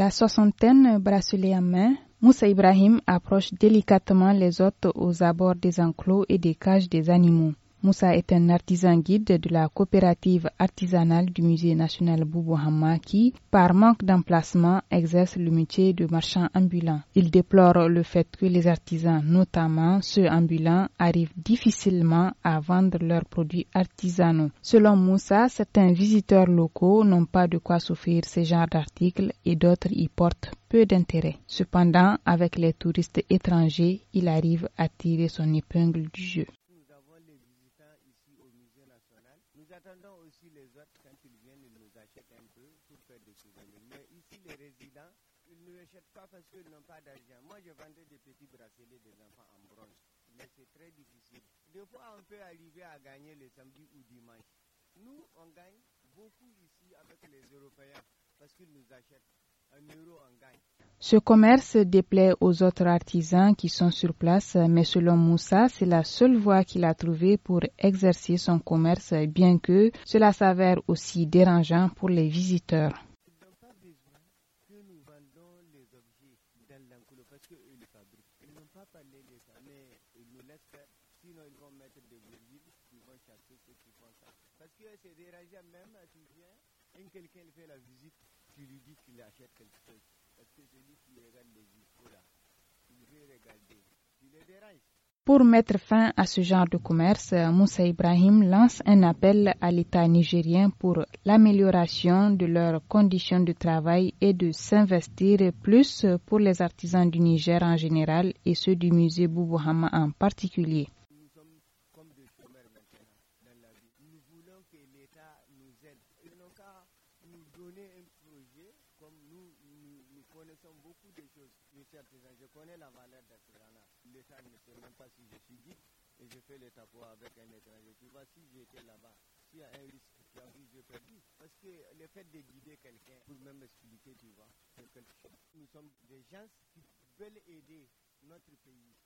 La soixantaine bracelet en main, Moussa Ibrahim approche délicatement les hôtes aux abords des enclos et des cages des animaux. Moussa est un artisan guide de la coopérative artisanale du musée national Boubou qui, par manque d'emplacement, exerce le métier de marchand ambulant. Il déplore le fait que les artisans, notamment ceux ambulants, arrivent difficilement à vendre leurs produits artisanaux. Selon Moussa, certains visiteurs locaux n'ont pas de quoi souffrir ces genres d'articles et d'autres y portent peu d'intérêt. Cependant, avec les touristes étrangers, il arrive à tirer son épingle du jeu. Nous attendons aussi les autres, quand ils viennent, ils nous achètent un peu pour faire des souvenirs. Mais ici, les résidents, ils ne achètent pas parce qu'ils n'ont pas d'argent. Moi, je vendais des petits bracelets des enfants en bronze, mais c'est très difficile. Des fois, on peut arriver à gagner le samedi ou dimanche. Nous, on gagne beaucoup ici avec les Européens parce qu'ils nous achètent. Ce commerce déplaît aux autres artisans qui sont sur place, mais selon Moussa, c'est la seule voie qu'il a trouvée pour exercer son commerce, bien que cela s'avère aussi dérangeant pour les visiteurs. Ils n'ont pas besoin que nous vendons les objets dans l'enclos, parce qu'ils les Ils n'ont pas parlé de ça, mais ils nous laissent faire. Sinon, ils vont mettre des objets, ils vont chercher ce qu'ils font. Parce que c'est dérangeant même à tous les gens, quelqu'un qui fait la visite. Pour mettre fin à ce genre de commerce, Moussa Ibrahim lance un appel à l'État nigérien pour l'amélioration de leurs conditions de travail et de s'investir plus pour les artisans du Niger en général et ceux du musée Boubouhama en particulier. Nous voulons que l'État nous aide sont beaucoup de choses sur le Je connais la valeur gens-là. L'État ne sait même pas si je suis guide et je fais le tapot avec un étranger. Tu vois, si j'étais là-bas, s'il y a un risque, as vie, je perdu. Parce que le fait de guider quelqu'un, pour même expliquer, tu vois, c'est quelque chose. Nous sommes des gens qui veulent aider notre pays.